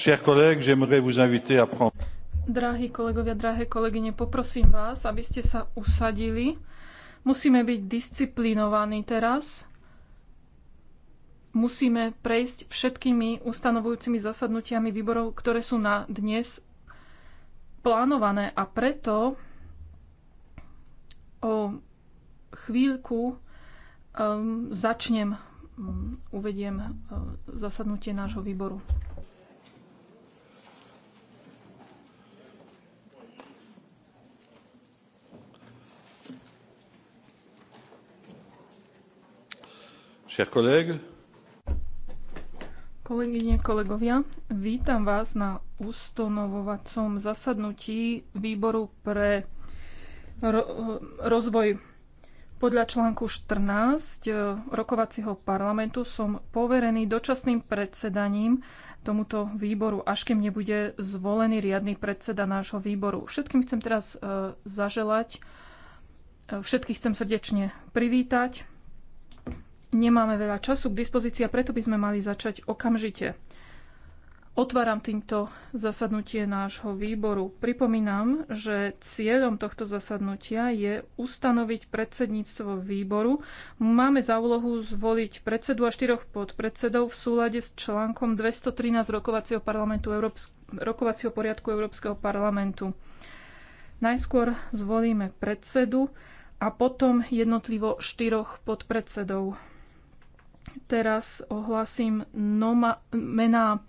Chers collègues, j'aimerais vous inviter à prendre... Drahí kolegovia, drahé kolegyne, poprosím vás, aby ste sa usadili. Musíme byť disciplinovaní teraz. Musíme prejsť všetkými ustanovujúcimi zasadnutiami výborov, ktoré sú na dnes plánované a preto o chvíľku um, začnem, um, uvediem uh, zasadnutie nášho výboru. Kolegyne, kolegovia, vítam vás na ustanovovacom zasadnutí výboru pre rozvoj. Podľa článku 14 e, rokovacieho parlamentu som poverený dočasným predsedaním tomuto výboru, až kým nebude zvolený riadny predseda nášho výboru. Všetkým chcem teraz e, zaželať, e, všetkých chcem srdečne privítať Nemáme veľa času k dispozícii a preto by sme mali začať okamžite. Otváram týmto zasadnutie nášho výboru. Pripomínam, že cieľom tohto zasadnutia je ustanoviť predsedníctvo výboru. Máme za úlohu zvoliť predsedu a štyroch podpredsedov v súlade s článkom 213 rokovacieho, parlamentu Európsk- rokovacieho poriadku Európskeho parlamentu. Najskôr zvolíme predsedu a potom jednotlivo štyroch podpredsedov. Teraz ohlasím noma, mená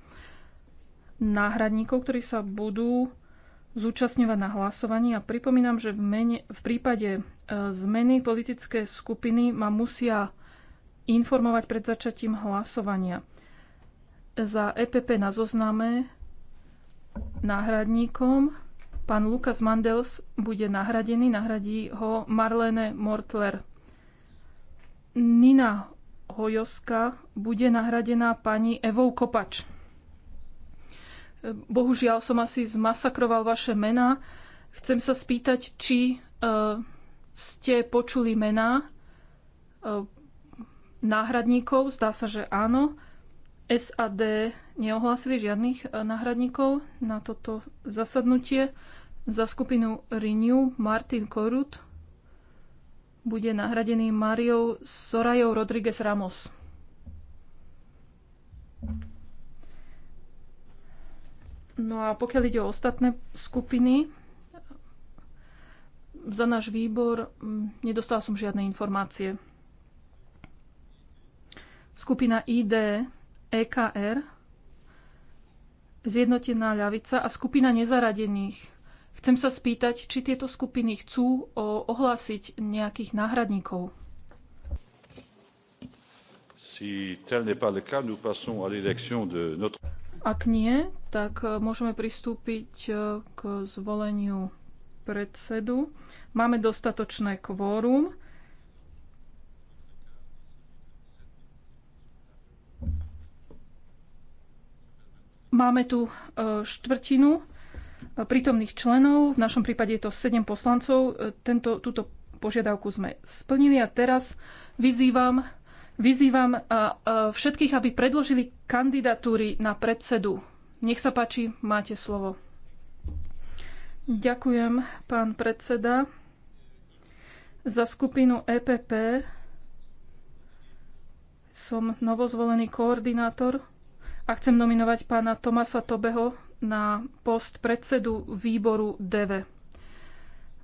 náhradníkov, ktorí sa budú zúčastňovať na hlasovaní a pripomínam, že v, mene, v prípade e, zmeny politické skupiny ma musia informovať pred začatím hlasovania. Za EPP na zozname náhradníkom pán Lukas Mandels bude nahradený, nahradí ho Marlene Mortler. Nina Hojoska bude nahradená pani Evou Kopač. Bohužiaľ som asi zmasakroval vaše mená. Chcem sa spýtať, či uh, ste počuli mená uh, náhradníkov. Zdá sa, že áno. SAD neohlásili žiadnych e, náhradníkov na toto zasadnutie. Za skupinu Renew Martin Korut bude nahradený Mariou Sorajou Rodriguez Ramos. No a pokiaľ ide o ostatné skupiny, za náš výbor mm, nedostala som žiadne informácie. Skupina ID, EKR, Zjednotená ľavica a skupina nezaradených Chcem sa spýtať, či tieto skupiny chcú ohlásiť nejakých náhradníkov. Ak nie, tak e, môžeme pristúpiť e, k zvoleniu predsedu. Máme dostatočné kvórum. Máme tu e, štvrtinu prítomných členov, v našom prípade je to 7 poslancov. E, tento, túto požiadavku sme splnili a teraz vyzývam, vyzývam a, a všetkých, aby predložili kandidatúry na predsedu. Nech sa páči, máte slovo. Ďakujem, pán predseda. Za skupinu EPP som novozvolený koordinátor a chcem nominovať pána Tomasa Tobeho na post predsedu výboru DV.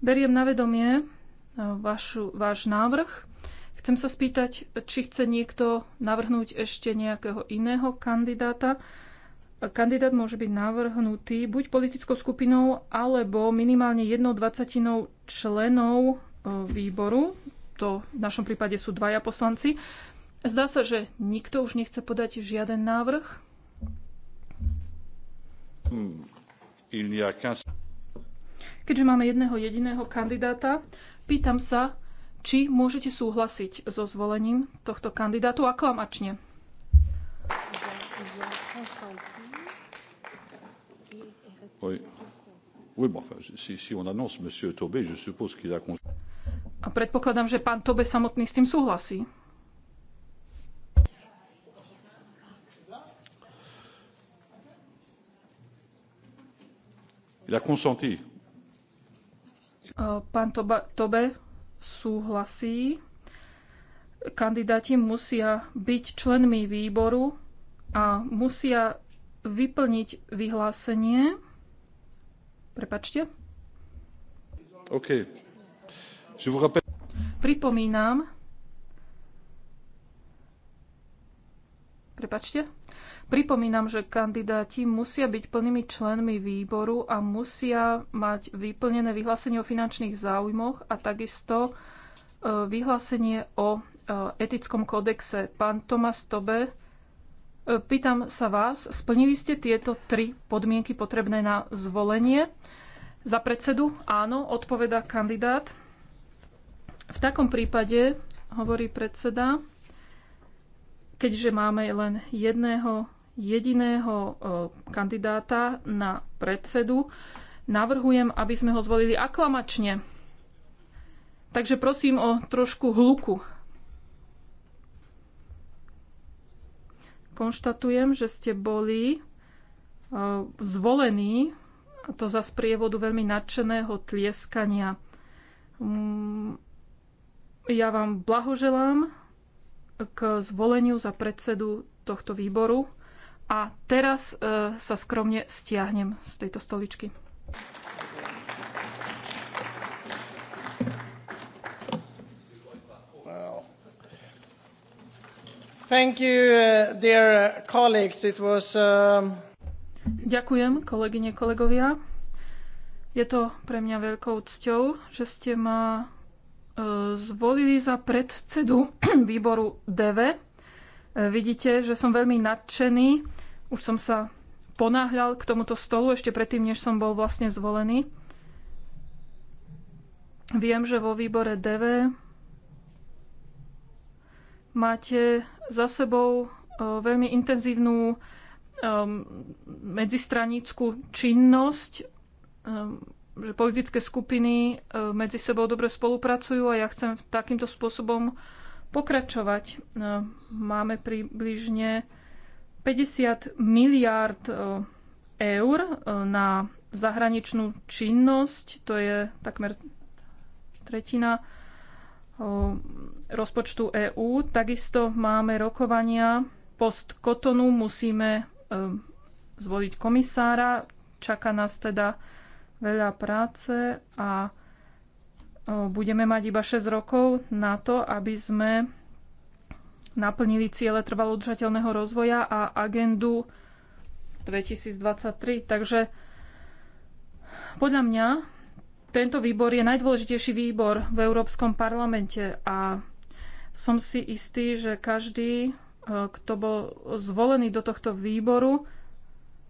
Beriem na vedomie e, vašu, váš návrh. Chcem sa spýtať, či chce niekto navrhnúť ešte nejakého iného kandidáta. Kandidát môže byť navrhnutý buď politickou skupinou, alebo minimálne jednou dvacatinou členov e, výboru. To v našom prípade sú dvaja poslanci. Zdá sa, že nikto už nechce podať žiaden návrh. Hmm. Keďže máme jedného jediného kandidáta, pýtam sa, či môžete súhlasiť so zvolením tohto kandidátu aklamačne. A predpokladám, že pán Tobe samotný s tým súhlasí. consenti. Pán Toba, Tobe súhlasí. Kandidáti musia byť členmi výboru a musia vyplniť vyhlásenie. Prepačte. OK. Je vous rappelle... Pripomínam. Prepačte. Pripomínam, že kandidáti musia byť plnými členmi výboru a musia mať vyplnené vyhlásenie o finančných záujmoch a takisto e, vyhlásenie o e, etickom kodexe. Pán Tomas Tobe, e, pýtam sa vás, splnili ste tieto tri podmienky potrebné na zvolenie? Za predsedu áno, odpoveda kandidát. V takom prípade, hovorí predseda, keďže máme len jedného jediného e, kandidáta na predsedu. Navrhujem, aby sme ho zvolili aklamačne. Takže prosím o trošku hluku. Konštatujem, že ste boli e, zvolení, a to za sprievodu veľmi nadšeného tlieskania. Mm, ja vám blahoželám k zvoleniu za predsedu tohto výboru a teraz e, sa skromne stiahnem z tejto stoličky. Thank you, uh, dear uh, colleagues. It was, um... Ďakujem, kolegyne, kolegovia. Je to pre mňa veľkou cťou, že ste ma e, zvolili za predsedu výboru DV. E, vidíte, že som veľmi nadšený už som sa ponáhľal k tomuto stolu ešte predtým, než som bol vlastne zvolený. Viem, že vo výbore DV máte za sebou e, veľmi intenzívnu e, medzistranickú činnosť, e, že politické skupiny medzi sebou dobre spolupracujú a ja chcem takýmto spôsobom pokračovať. Máme približne 50 miliárd e, eur e, na zahraničnú činnosť, to je takmer tretina e, rozpočtu EÚ. Takisto máme rokovania post Kotonu, musíme zvoliť komisára, čaká nás teda veľa práce a budeme mať iba 6 rokov na to, aby sme naplnili ciele trvalo udržateľného rozvoja a agendu 2023. Takže podľa mňa tento výbor je najdôležitejší výbor v Európskom parlamente a som si istý, že každý, e, kto bol zvolený do tohto výboru,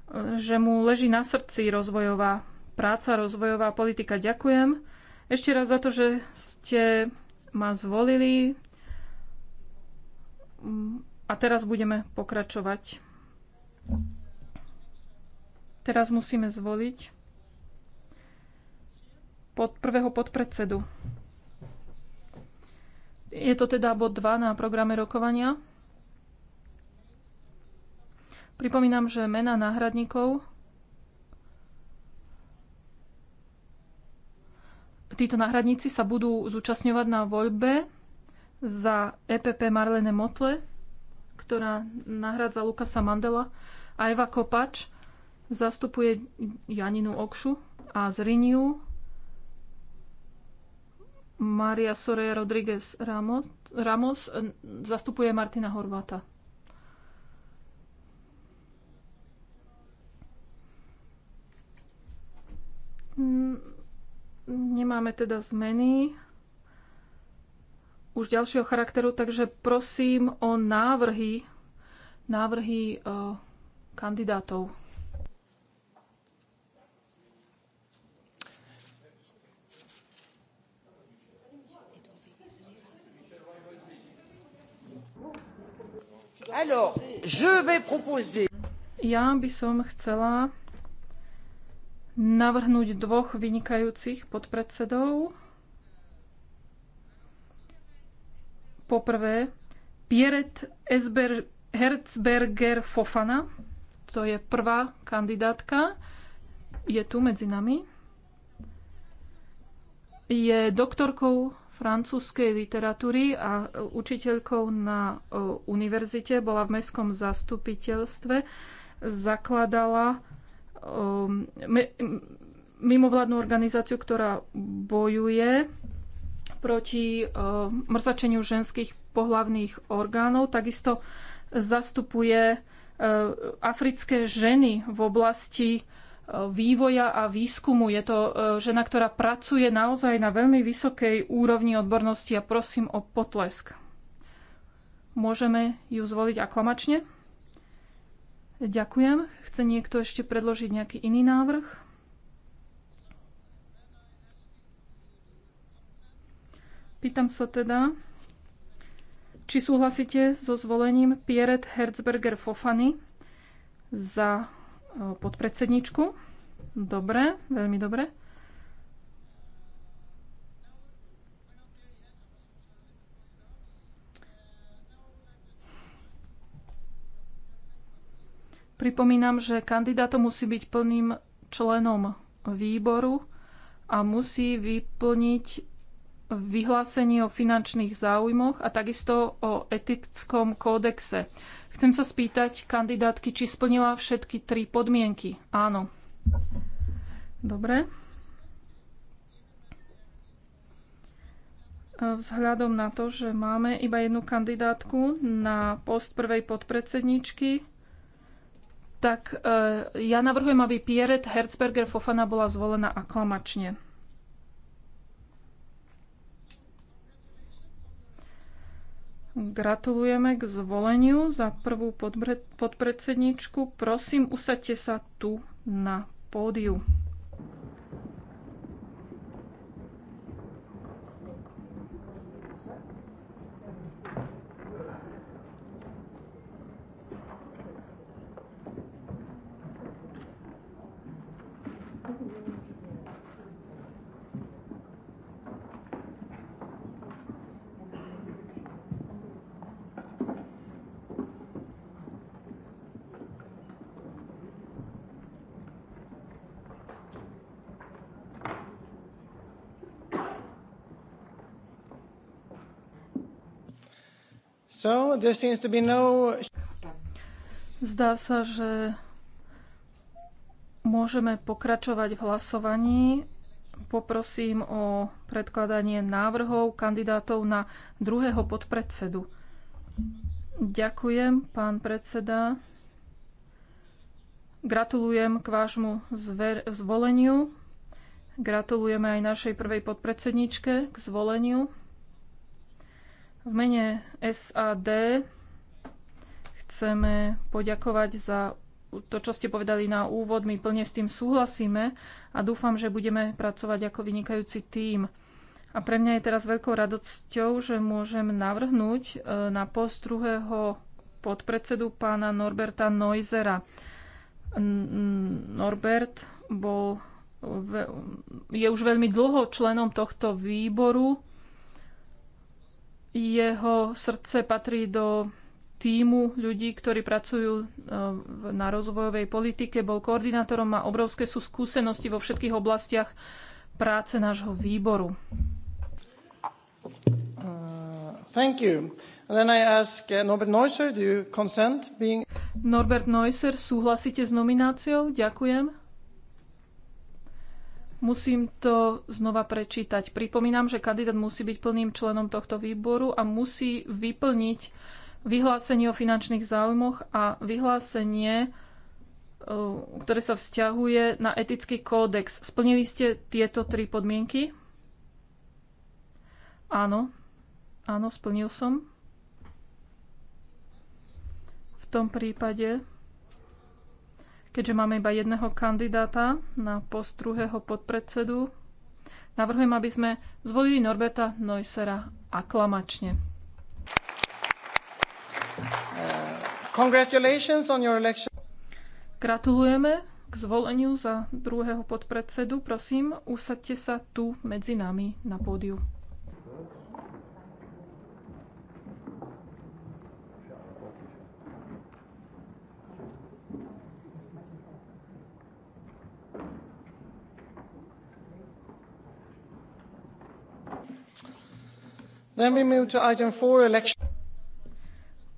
e, že mu leží na srdci rozvojová práca, rozvojová politika. Ďakujem ešte raz za to, že ste ma zvolili a teraz budeme pokračovať. Teraz musíme zvoliť pod prvého podpredsedu. Je to teda bod 2 na programe rokovania. Pripomínam, že mena náhradníkov títo náhradníci sa budú zúčastňovať na voľbe za EPP Marlene Motle, ktorá nahrádza Lukasa Mandela, a Eva Kopač zastupuje Janinu Okšu a z Riniu Maria Soraya Rodriguez Ramos, Ramos e, zastupuje Martina Horvata. Nemáme teda zmeny už ďalšieho charakteru, takže prosím o návrhy, návrhy uh, kandidátov. Alors, je vais proposer... Ja by som chcela navrhnúť dvoch vynikajúcich podpredsedov. Poprvé, Pieret Esber, Herzberger Fofana, to je prvá kandidátka, je tu medzi nami. Je doktorkou francúzskej literatúry a e, učiteľkou na e, univerzite, bola v mestskom zastupiteľstve, zakladala e, mimovládnu organizáciu, ktorá bojuje proti e, mrzačeniu ženských pohlavných orgánov. Takisto zastupuje e, africké ženy v oblasti e, vývoja a výskumu. Je to žena, ktorá pracuje naozaj na veľmi vysokej úrovni odbornosti a prosím o potlesk. Môžeme ju zvoliť aklamačne? Ďakujem. Chce niekto ešte predložiť nejaký iný návrh? Pýtam sa teda, či súhlasíte so zvolením Pieret Herzberger Fofany za e, podpredsedničku? Dobre, veľmi dobre. Pripomínam, že kandidátom musí byť plným členom výboru a musí vyplniť vyhlásení o finančných záujmoch a takisto o etickom kódexe. Chcem sa spýtať kandidátky, či splnila všetky tri podmienky. Áno. Dobre. Vzhľadom na to, že máme iba jednu kandidátku na post prvej podpredsedničky, tak e, ja navrhujem, aby Pieret Herzberger Fofana bola zvolená aklamačne. Gratulujeme k zvoleniu za prvú podpredsedničku. Prosím, usaďte sa tu na pódiu. So, there seems to be no... Zdá sa, že môžeme pokračovať v hlasovaní. Poprosím o predkladanie návrhov kandidátov na druhého podpredsedu. Ďakujem, pán predseda. Gratulujem k vášmu zvoleniu. Gratulujeme aj našej prvej podpredsedničke k zvoleniu. V mene SAD chceme poďakovať za to, čo ste povedali na úvod. My plne s tým súhlasíme a dúfam, že budeme pracovať ako vynikajúci tím. A pre mňa je teraz veľkou radosťou, že môžem navrhnúť e, na post druhého podpredsedu pána Norberta Neusera. Norbert bol, je už veľmi dlho členom tohto výboru jeho srdce patrí do týmu ľudí, ktorí pracujú e, na rozvojovej politike. Bol koordinátorom, má obrovské sú skúsenosti vo všetkých oblastiach práce nášho výboru. Uh, thank you. And then I ask uh, Norbert Neusser, do you consent being... Norbert Neusser, súhlasíte s nomináciou? Ďakujem. Musím to znova prečítať. Pripomínam, že kandidát musí byť plným členom tohto výboru a musí vyplniť vyhlásenie o finančných záujmoch a vyhlásenie, e, ktoré sa vzťahuje na etický kódex. Splnili ste tieto tri podmienky? Áno, áno, splnil som. V tom prípade Keďže máme iba jedného kandidáta na post druhého podpredsedu, navrhujem, aby sme zvolili Norberta Neussera aklamačne. Congratulations on your election. Gratulujeme k zvoleniu za druhého podpredsedu. Prosím, usaďte sa tu medzi nami na pódiu. Then we move to item four, election.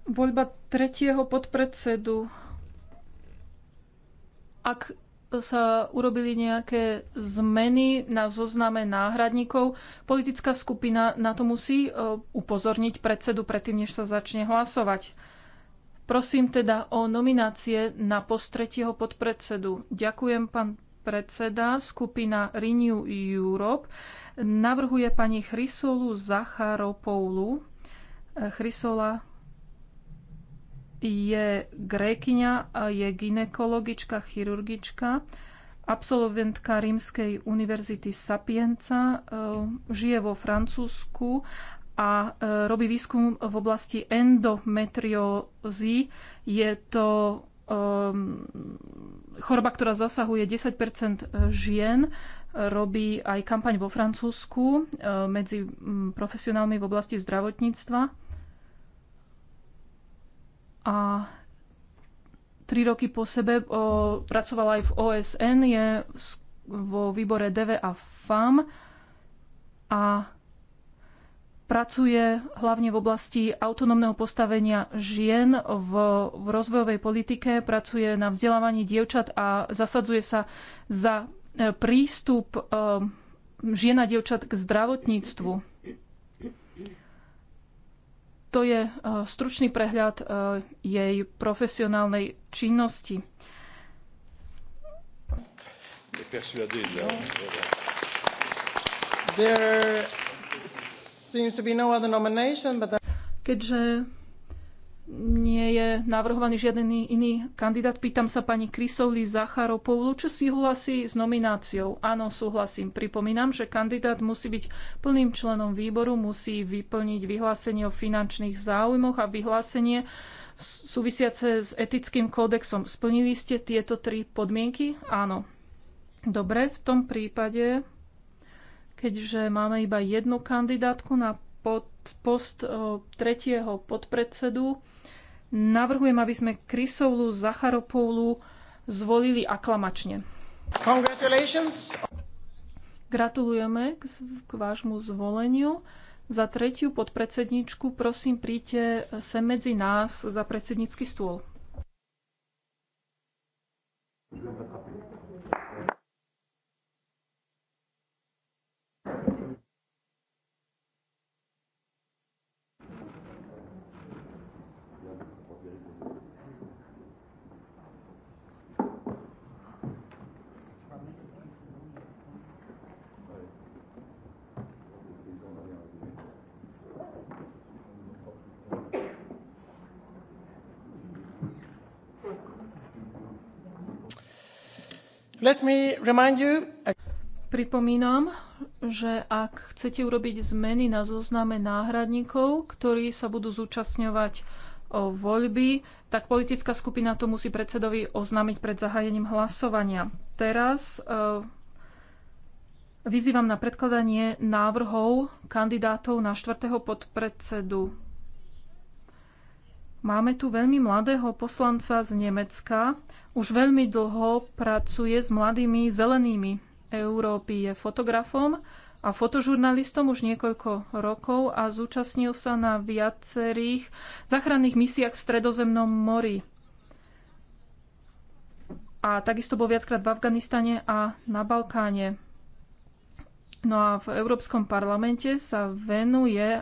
Voľba tretieho podpredsedu. Ak sa urobili nejaké zmeny na zozname náhradníkov, politická skupina na to musí e, upozorniť predsedu predtým, než sa začne hlasovať. Prosím teda o nominácie na post tretieho podpredsedu. Ďakujem, pán predseda, skupina Renew Europe navrhuje pani Chrysolu Zacharopoulu. Chrysola je grékyňa, je ginekologička, chirurgička, absolventka Rímskej univerzity Sapienza, e, žije vo Francúzsku a e, robí výskum v oblasti endometriózy. Je to Ehm, choroba, ktorá zasahuje 10 eh, žien, robí aj kampaň vo Francúzsku eh, medzi mm, profesionálmi v oblasti zdravotníctva. A tri roky po sebe eh, pracovala aj v OSN, je vo výbore DV a FAM a pracuje hlavne v oblasti autonómneho postavenia žien v, v rozvojovej politike, pracuje na vzdelávaní dievčat a zasadzuje sa za e, prístup e, žien a dievčat k zdravotníctvu. To je e, stručný prehľad jej profesionálnej činnosti. There No Keďže nie je navrhovaný žiadny iný kandidát, pýtam sa pani Krysovli Zacharopoulu, čo si hlasí s nomináciou. Áno, súhlasím. Pripomínam, že kandidát musí byť plným členom výboru, musí vyplniť vyhlásenie o finančných záujmoch a vyhlásenie súvisiace s etickým kódexom. Splnili ste tieto tri podmienky? Áno. Dobre, v tom prípade keďže máme iba jednu kandidátku na pod, post tretieho podpredsedu. Navrhujem, aby sme Krysoulu Zacharopoulu zvolili aklamačne. Gratulujeme k, k vášmu zvoleniu. Za tretiu podpredsedničku prosím príďte sem medzi nás za predsednícky stôl. Thank you. Let me remind you... Uh, Pripomínam, že ak chcete urobiť zmeny na zozname náhradníkov, ktorí sa budú zúčastňovať o voľby, tak politická skupina to musí predsedovi oznámiť pred zahájením hlasovania. Teraz vyzývam na predkladanie návrhov kandidátov na štvrtého podpredsedu Máme tu veľmi mladého poslanca z Nemecka. Už veľmi dlho pracuje s mladými zelenými Európy. Je fotografom a fotožurnalistom už niekoľko rokov a zúčastnil sa na viacerých záchranných misiách v Stredozemnom mori. A takisto bol viackrát v Afganistane a na Balkáne. No a v Európskom parlamente sa venuje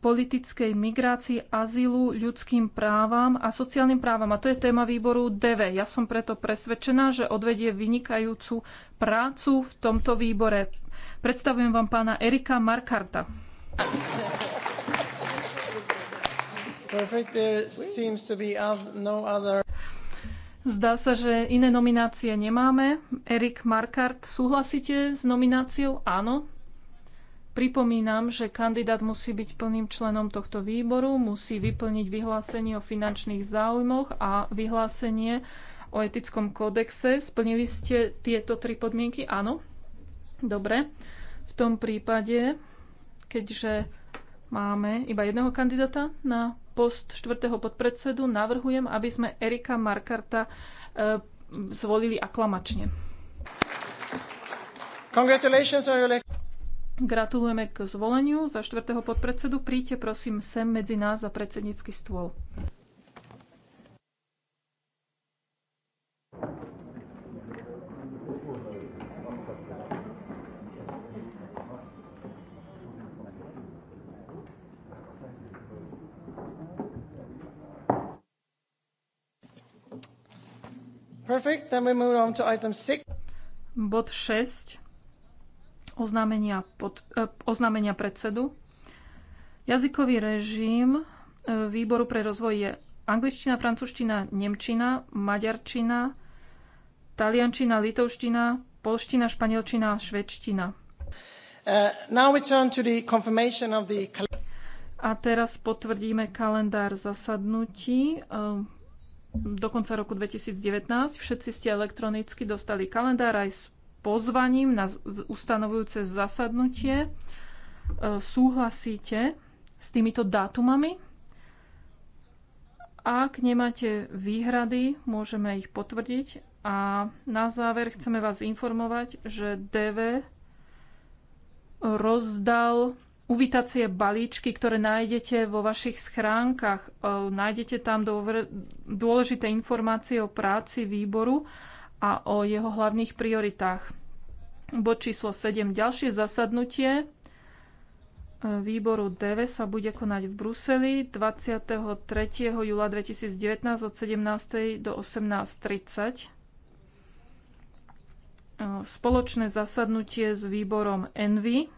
politickej migrácii, azylu, ľudským právam a sociálnym právam. A to je téma výboru DV. Ja som preto presvedčená, že odvedie vynikajúcu prácu v tomto výbore. Predstavujem vám pána Erika Markarta. No Zdá sa, že iné nominácie nemáme. Erik Markart, súhlasíte s nomináciou? Áno, Pripomínam, že kandidát musí byť plným členom tohto výboru, musí vyplniť vyhlásenie o finančných záujmoch a vyhlásenie o etickom kódexe. Splnili ste tieto tri podmienky? Áno. Dobre. V tom prípade, keďže máme iba jedného kandidáta na post štvrtého podpredsedu, navrhujem, aby sme Erika Markarta e, zvolili aklamačne. Congratulations on your Gratulujeme k zvoleniu za štvrtého podpredsedu. Príďte prosím sem medzi nás za predsednícky stôl. Perfect. Then we move on to item six. Bod 6 oznámenia, pod, eh, oznámenia predsedu. Jazykový režim e, výboru pre rozvoj je angličtina, francúzština, nemčina, maďarčina, taliančina, litovština, polština, španielčina a švedština. Uh, now we turn to the confirmation of the a teraz potvrdíme kalendár zasadnutí um, do konca roku 2019. Všetci ste elektronicky dostali kalendár aj s pozvaním na ustanovujúce zasadnutie. E, súhlasíte s týmito dátumami? Ak nemáte výhrady, môžeme ich potvrdiť. A na záver chceme vás informovať, že DV rozdal uvitacie balíčky, ktoré nájdete vo vašich schránkach. E, nájdete tam dôležité informácie o práci výboru a o jeho hlavných prioritách. Bod číslo 7. Ďalšie zasadnutie e, výboru DV sa bude konať v Bruseli 23. júla 2019 od 17. do 18.30. E, spoločné zasadnutie s výborom ENVY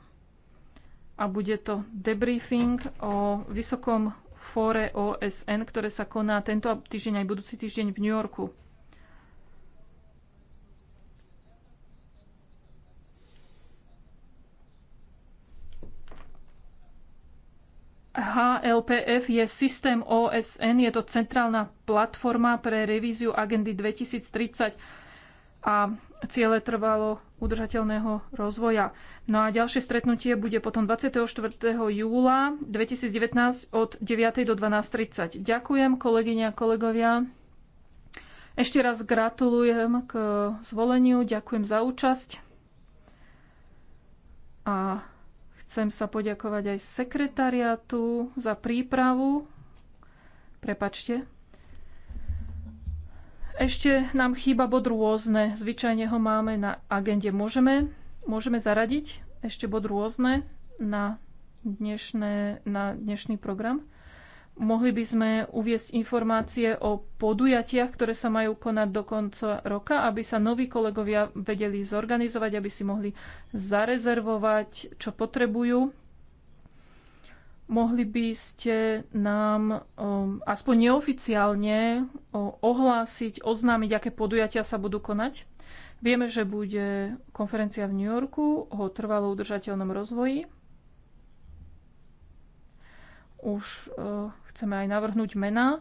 a bude to debriefing o vysokom fóre OSN, ktoré sa koná tento týždeň aj budúci týždeň v New Yorku. HLPF je systém OSN, je to centrálna platforma pre revíziu agendy 2030 a ciele trvalo udržateľného rozvoja. No a ďalšie stretnutie bude potom 24. júla 2019 od 9. do 12.30. Ďakujem kolegyne a kolegovia. Ešte raz gratulujem k zvoleniu, ďakujem za účasť. A Chcem sa poďakovať aj sekretariatu za prípravu. Prepačte. Ešte nám chýba bod rôzne. Zvyčajne ho máme na agende. Môžeme, môžeme zaradiť ešte bod rôzne na, dnešné, na dnešný program? Mohli by sme uviesť informácie o podujatiach, ktoré sa majú konať do konca roka, aby sa noví kolegovia vedeli zorganizovať, aby si mohli zarezervovať, čo potrebujú. Mohli by ste nám um, aspoň neoficiálne um, ohlásiť, oznámiť, aké podujatia sa budú konať? Vieme, že bude konferencia v New Yorku o trvalo udržateľnom rozvoji. Už uh, Chceme aj navrhnúť mená,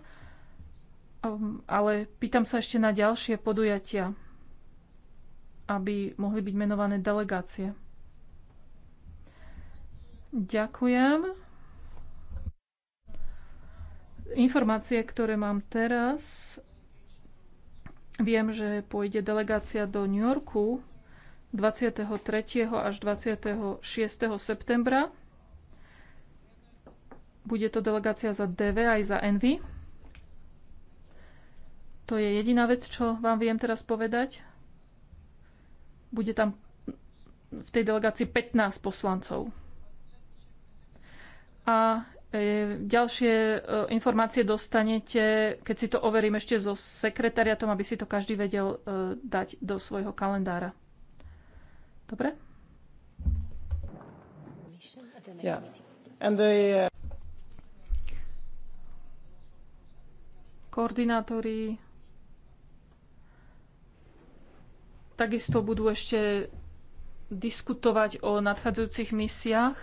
um, ale pýtam sa ešte na ďalšie podujatia, aby mohli byť menované delegácie. Ďakujem. Informácie, ktoré mám teraz, viem, že pôjde delegácia do New Yorku 23. až 26. septembra bude to delegácia za DV aj za NV. To je jediná vec, čo vám viem teraz povedať. Bude tam v tej delegácii 15 poslancov. A e, ďalšie e, informácie dostanete, keď si to overím ešte so sekretariatom, aby si to každý vedel e, dať do svojho kalendára. Dobre? Yeah. The, uh... koordinátori takisto budú ešte diskutovať o nadchádzajúcich misiách.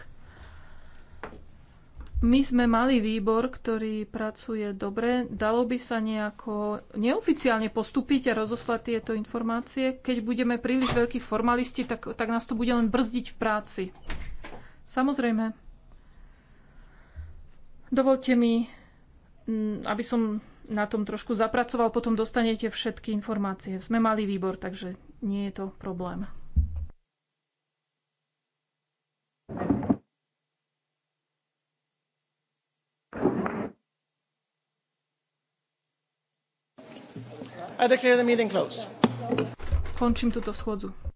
My sme mali výbor, ktorý pracuje dobre. Dalo by sa nejako neoficiálne postúpiť a rozoslať tieto informácie. Keď budeme príliš veľkí formalisti, tak, tak nás to bude len brzdiť v práci. Samozrejme. Dovolte mi, mm, aby som na tom trošku zapracoval, potom dostanete všetky informácie. Sme mali výbor, takže nie je to problém. I declare the meeting closed. Končím túto schôdzu.